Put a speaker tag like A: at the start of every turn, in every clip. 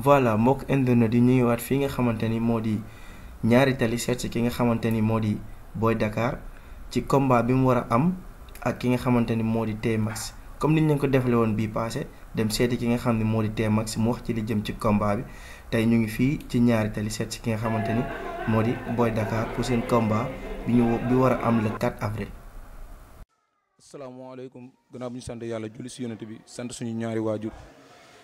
A: voilà mbokk internet yi ñu ngi waat fii nga xamante ni moo di ñaari tali seet ki nga xamante ni moo di booy dakaar ci combat bi mu war a am ak ki nga xamante ni moo di Tmax comme niñ leen ko defale woon bii passé dem seeti ki nga xam ne moo di Tmax mu wax ci li jëm ci combat bi tey ñu ngi fii ci ñaari tali seet ki nga xamante ni moo di booy Dakar pour seen combat bi ñu bi war a am la 4 avril.
B: asalaamaaleykum gannaaw bu buñu sant yàlla julli si yonent bi sant suñu ñaari waajur.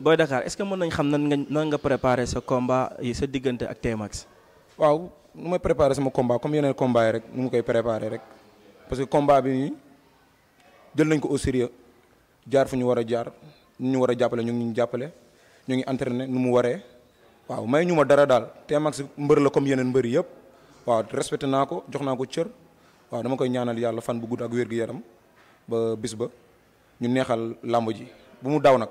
A: Boy Dakar est-ce que mën nañ xam nan nga nan nga préparer ce combat yi sa digënté ak Tmax waaw nu may préparer sama combat comme yeneen
B: combat rek nu koy préparer rek parce que combat bi jël nañ ko au sérieux jaar fu ñu wara jaar ñu wara jappalé ñu ngi ñu jàppale ñu ngi entraîner nu mu waree waaw may ñuma dara dal Tmax mbeur la comme yeneen mbeur yépp waaw respecté nako jox nako cër waaw dama koy ñaanal yalla fan bu gudd ak wër gu yaram ba bis ba ñu neexal lamb ji bu mu daw nak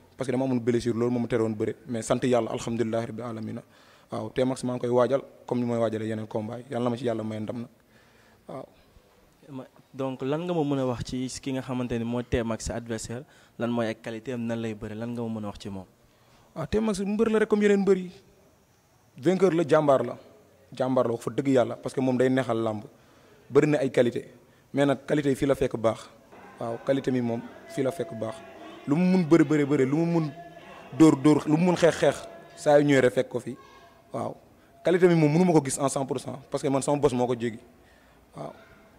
B: parce que dama amone blessure loolu moom teroon beure mais sante yalla alhamdullilah rabbil alamin waaw té max ma ngi koy waajal comme ni moy wadjalé yenen combat yi yàlla ma ci yalla may ndam na
A: waaw donc lan nga mo meuna wax ci ki nga xamanteni mo té max sa adversaire lan moy ak qualité am nan lay beure lan nga mo meuna wax ci moom waaw ah, Tmax mbër la rek comme yenen mbër vainqueur
B: la jambar la jambar la fa deug yalla parce que mom day nexal lamb bëri na ay qualité mais nak qualité fi la fekk bax waaw qualité mi mom fi la fekk bax lu mu mun bëri bëri lumun lu mu mun dor dor lu mu mun xex xex saa yu ñëwee fekk ko fi waaw qualité bi moom mënu ko gis en 100 parce que man sama bos moo ko jéggi
A: waaw.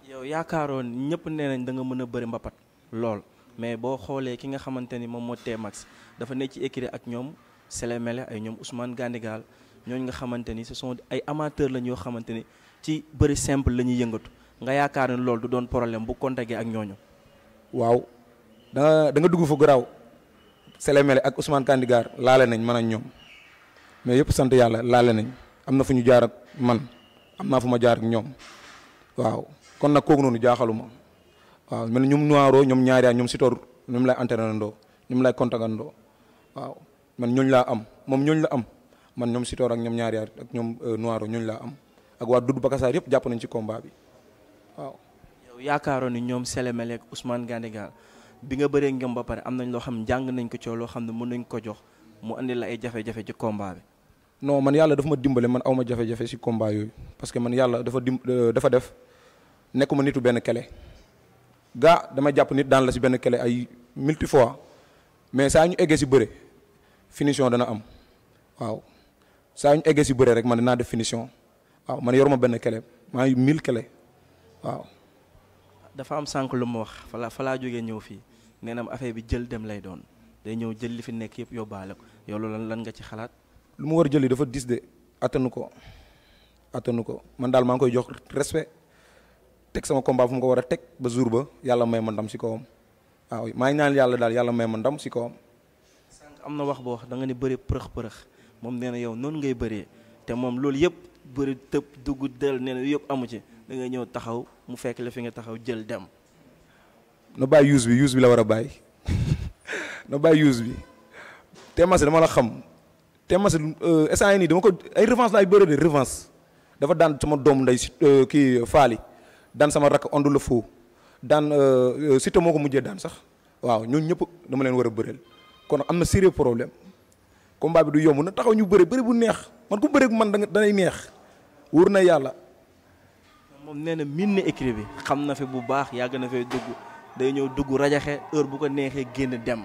A: yow yaakaaroon ñëpp nee nañ da nga mën a bëri mbapat lool mais boo xoolee ki nga xamante ni moom moo max dafa ci ak ñoom Sélémélé ay ñoom Ousmane Gandigal ñooñu nga xamante ni ce sont ay amateur la ñoo xamante ni ci bëri simple la ñuy yëngatu nga yaakaar ne loolu du doon problème bu contagé ak ñooñu. waaw da da nga dugg fu garaaw
B: Sélémélé ak Ousmane Kandigaar laale nañ man ak ñoom mais yëpp sant yàlla laale nañ am na fu ñu jaar ak man am naa fu ma jaar ak ñoom waaw kon nag kooku noonu jaaxaluma waaw mel ñoom noiro ñoom ñaari ñoom Sitor ñoom lay entraînandoo ñoom lay contagandoo waaw man ñooñu laa am moom ñooñu la am man ñoom Sitor ak ñoom ñaari ak ñoom euh, noiro ñooñu laa am ak waa Doudou Bakassar yëpp jàpp nañ ci kombaa bi
A: waaw. yow yaakaaroon ni ñoom Sélémélé ak Ousmane Kandigaar bi nga bëree ngëm ba pare am nañ loo xam jàng nañ ko ci loo xam ne mën nañ ko jox mu indi la ay jafe-jafe ci combat bi.
B: non man yàlla dafa ma dimbale man awma jafe-jafe si combat yooyu parce que man yàlla dafa dim euh, dafa def nekkuma nit benn kele gaa dama jàpp nit daan la si benn kele ay multi fois mais saa ñu eggee si bëre finition dana am waaw saa ñu eggee si bëre rek man naa def finition waaw man yoruma benn kele maa ngi mille kele waaw.
A: dafa am sànq ma wax fa laa jógee ñëw fii. Nenam na affaire bi jël dem lay doon day ñew jël li fi nekk yëpp yobale ko yow loolu lan nga ci xalaat.
B: lu mu war a dafa dis de atanu ko atanu ko man dal ma ngoy jox respect tek sama combat fu mu ko wara tek ba jour ba yalla may ma ndam si kawam oui ma ngi ñaan yalla dal yalla may man dam ci kawam.
A: amna wax bo wax da nga ni beure përëx përëx mom yow non ngay beure te mom lool beure tepp del nee na amu ci da nga ñew taxaw mu fekk la fi nga taxaw jël dem.
B: na bàyyi use bi use bi la war a bàyyi na bàyyi use bi Temacé dama la xam te Temacé euh, san yi dama ko ay revanche laay bëre de revanche dafa daan sama doom nday euh, kii euh, faali daan sama rakk ondu la foo daan Siteu moo ko mujjee daan sax waaw ñun ñëpp dama leen war a bëreel kon am na sérieux problème combat bi du yomb na taxaw ñu bëre bëri bu neex man ku bëre man danga danay neex wur na yàlla
A: moom nee na miin na écrit bi xam na fi bu baax yàgg na fee dugg day ñëw dugg rajaxe heure bu ko neexee génn dem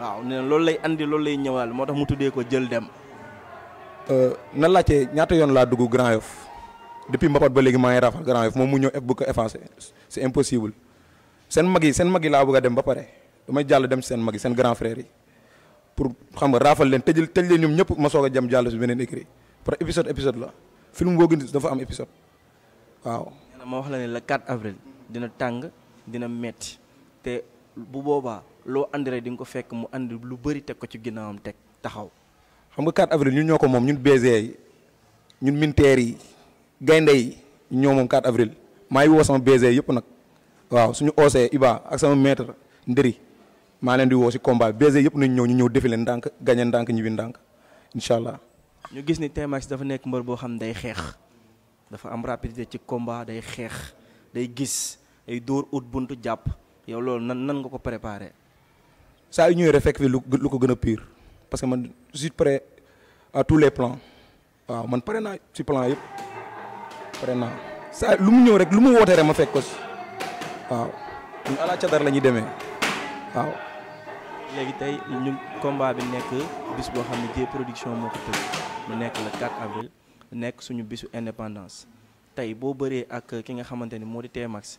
A: waaw ne loolu lay indi loolu lay ñëwaal moo tax mu tuddee ko jël dem. Euh, na laajte
B: ñaata yoon laa dugg Grand Yoff depuis Mbapat ba léegi maa ngi rafal Grand Yoff moom mu ñëw bu ko effacé c'est impossible seen mag yi seen mag yi laa bëgg a dem ba pare damay jàll dem seen mag yi seen grand frère yi pour xam nga raafal leen tëjal tëj leen ñoom ñëpp ma soog a jëm jàll si beneen écrit par épisode épisode la film boo gis dafa am épisode waaw.
A: ma wax la ne le 4 avril dina tàng. dina metti te bu boobaa loo andi rek di nga ko fekk mu andi lu bëri teg ko ci ginnaawam teg taxaw.
B: xam nga 4 avril ñun ñoo ko moom ñun BG ñun militaires yi gaynde yi ñoo moom 4 avril maa ngi woo sama BG yëpp nag waaw suñu OC Iba ak sama maître Ndëri maa leen di woo si combat BG yëpp nañ ñëw ñu ñëw défilé ndànk gagné ndànk ñibbi ndànk incha allah.
A: ñu gis ni Tmax dafa nekk mbër boo xam ne day xeex dafa am rapidité ci combat day xeex day gis. ay dóor ut buntu jàpp yow loolu nan nan nga ko préparé.
B: saa yu ñëwee rek fekk fi lu lu ko gën a piir parce que man je suis à tous les plans waaw man pare naa ci plan yëpp pare naa saa lu mu ñëw rek lu mu wootee rek ma fekk ko si waaw ñun ala cadar la ñuy demee waaw.
A: léegi tey ñu combat bi nekk bis boo xam ne Dieye Production moo ko tëgg mu nekk le 4 avril nekk suñu bisu indépendance tey boo bëree ak ki nga xamante ni moo di Tmax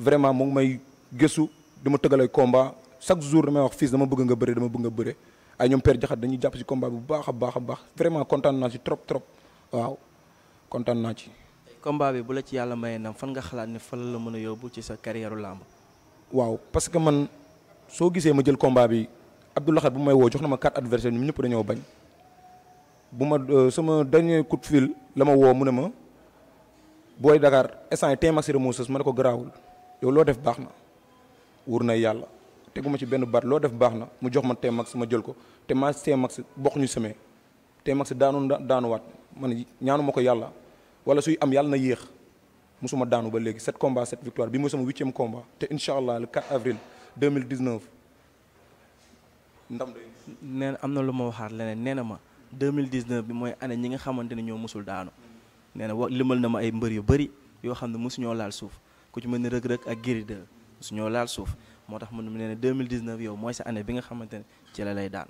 B: vraiment mu ngi may gessu duma tëgal combat chaque jour dama wax fils dama bëgg nga bëre dama bëgg nga bëre ay ñom père jaxat dañuy japp ci combat bu baaxa baaxa baax vraiment content na ci trop trop waaw content na ci.
A: combat bi bu la ci yalla maye nam fan nga xalaat ni fa la mën a ci sa carrière lamb
B: waaw parce que man so gisé ma jël combat bi khat bu may wo jox na ma quatre adversaires ñu ñëpp dañoo bañ bu ma euh, sama dernier coup de fil lama wo mu ne ma boy Dakar si ko grawul yow loo def baax na wóor na yàlla teguma ci benn baat loo def baax na mu jox ma Tmax ma jël ko te ma Tmax bokk ñu semee Tmax daanu daanuwaat man ñaanu ma ko yàlla wala suy am yàlla na yéex musuma daanu ba léegi sept combat sept victoire bi mooy sama huitième combat te incha
A: allah le 4 avril 2019 ndam day nee na am na lu ma waxaat leneen nee na ma 2019 bi mooy année ñi nga xamante ne ñoo musul daanu nee na wa limal na ma ay mbër yu bëri yoo xam ne mosuñoo laal suuf ku ci mën ni rëg-rëg ak Gris su ñoo laal suuf moo tax mënum nee ne 2019 yow mooy sa année bi nga xamante ne ci la lay daan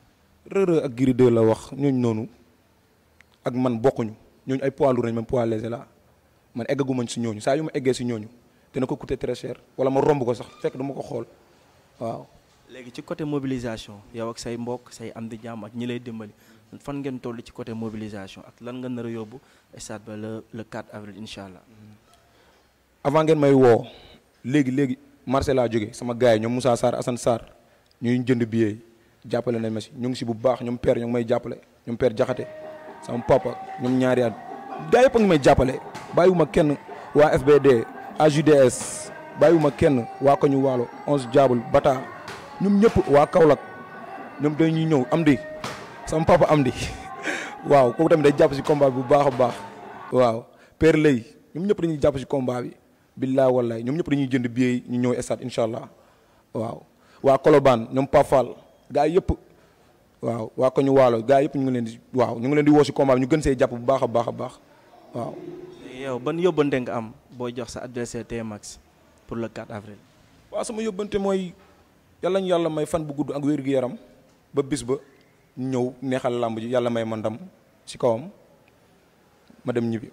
B: rëg-rëg ak Gris 2 la wax ñooñu noonu ak man bokkuñu ñooñu ay poids lourd nañ man poids léger la man eggagumañ si ñooñu saa yu ma eggee si ñooñu dina ko coûter très cher wala ma romb ko sax
A: fekk dama ko xool waaw léegi ci côté mobilisation yow ak say mbokk say am di jàmm ak ñi lay dimbali fan ngeen toll ci côté mobilisation ak lan nga nar a yóbbu stade le le 4 avril allah. Mm.
B: avant ngeen may woo léegi léegi marché laa jóge sama gars yi ñoom musaa Sarr Assane Sarr ñuy jënd billet jàppale nañ ma si ñu ngi si bu baax ñoom père ñu may jàppale ñoom père jaxate sama papa ñoom ñaari at gars yëpp a ngi may jàppale bàyyiwuma kenn waa FBD AJDS bàyyiwuma kenn waa ko ñu waalo onze jaabul bata ñoom ñëpp waa Kaolack ñoom dañuy ñëw amdi di sama papa am waaw kooku tamit day jàpp si combat bi bu baax a baax waaw père lay ñoom ñëpp dañuy jàpp si combat bi billaa wallahi ñom ñep dañuy jënd biye ñu ñëw stade inshallah allah waaw waa Colobane ñoom Pafal gaay yep waaw wa ko ñu walo gaay yep ñu ngi leen di waaw ñu ngi leen di wo ci combat ñu gën see japp bu baaxa baaxa baax waaw.
A: yow ban yobante nga am bo jox sa adversaire max pour le 4 avril. wa sama yobante moy yalla ñu yalla may fan bu gudd ak wër gu yaram ba bis ba
B: ñew neexal lamb ji yalla may mandam ci kawam ma dem ñibbi.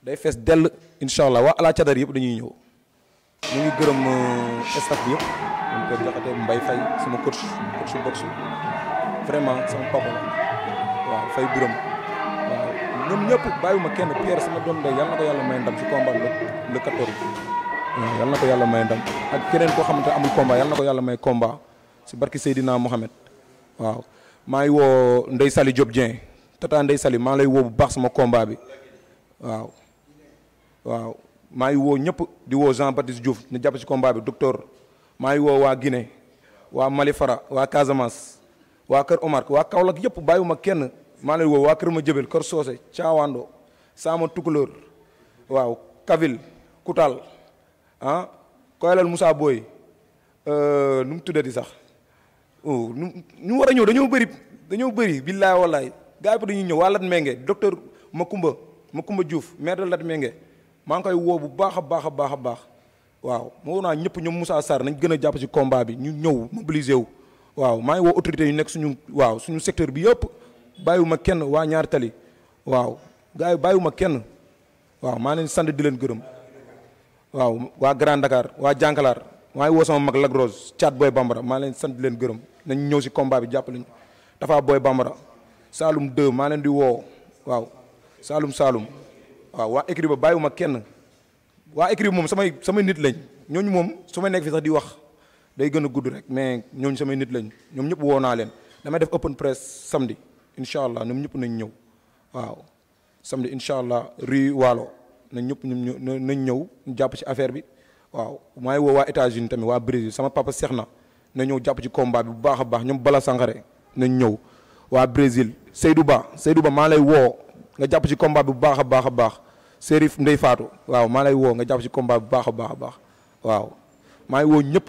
B: day fees dell incha allah waa alaa cadar yëpp dañuy ñëw mu ngi gërëm euh, staff bi yëpp ñu ko joxatee Mbaye Faye sama coach coach box vraiment sama papa la waaw Faye Birame waaw ñoom ñëpp bàyyiwuma kenn Pierre sama doom day yàlla na ko yàlla may ndam ci combat ko yàlla may ak keneen koo xamante amul combat yàlla na ko yàlla may combat ci barki Seydina Mohamed waaw maa ngi woo Ndeye Sali Diop Dieng tata Ndeye Sali maa lay woo bu baax sama combat bi waaw waaw maa ngi woo ñëpp di woo Jean Baptiste Diouf ñu jàpp ci combat bi docteur maa ngi woo waa Guinée waa Malifara waa Casamance waa Kër Omar waa Kaolack yëpp ma kenn maa lay woo waa Kër ma jëbel Kër Soose Caawando saama Tukulóor waaw Kavil Koutal ah Koyalal Moussa Boy euh, nu mu tuddati sax oh, nu war a ñëw dañoo bëri dañoo bëri billaay wallaay gars yi dañuy ñëw waa Latmengue ma Makumba Makumba Diouf maire de Latmengue maa ngi koy woo bu baax a baax a baax a baax waaw ma woo naa ñëpp ñoom musaa Sarr nañ gën a jàpp ci kombaa bi ñu ñëw mobiliser wu waaw maa ngi woo autorité yu nekk suñu waaw suñu secteur bi yëpp bàyyiwuma kenn waa ñaar tali waaw gars yi bàyyiwuma kenn waaw maa leen sant di leen gërëm waaw waa Grand Dakar waa Jànkalaar maa ngi woo sama mag Lac Rose booy Boy Bambara maa leen sant di leen gërëm nañ ñëw si combat bi jàpp ñu Tafa booy Bambara saalum 2 maa leen di woo waaw Saloum waaw waa écrit ba ma kenn waa écrit moom samay samay nit lañ ñooñu moom su ma nekk fi sax di wax day gën a gudd rek mais ñooñu samay nit lañ ñoom ñëpp woo naa leen damay def open press samedi incha allah ñoom ñëpp nañ ñëw waaw samedi incha allah rue Waalo nañ ñëpp ñu nañ ñëw jàpp ci affaire bi waaw maa woo waa États-Unis tamit waa Brésil sama papa seex na na ñëw jàpp ci combat bi bu baax a baax ñoom Bala Sangaré nañ ñëw waa Brésil Seydou Ba Seydou Ba maa lay woo. nga jàpp ci kombaa bi bu baax a baax a baax Serif Ndeye Fatou waaw maa lay woo nga jàpp ci kombaa bu baax a baax a baax waaw maa ngi woo ñëpp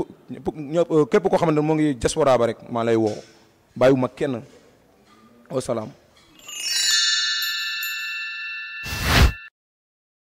B: ñëpp képp koo xamante ne moo ngi diaspora ba rek maa lay woo ma kenn wasalaam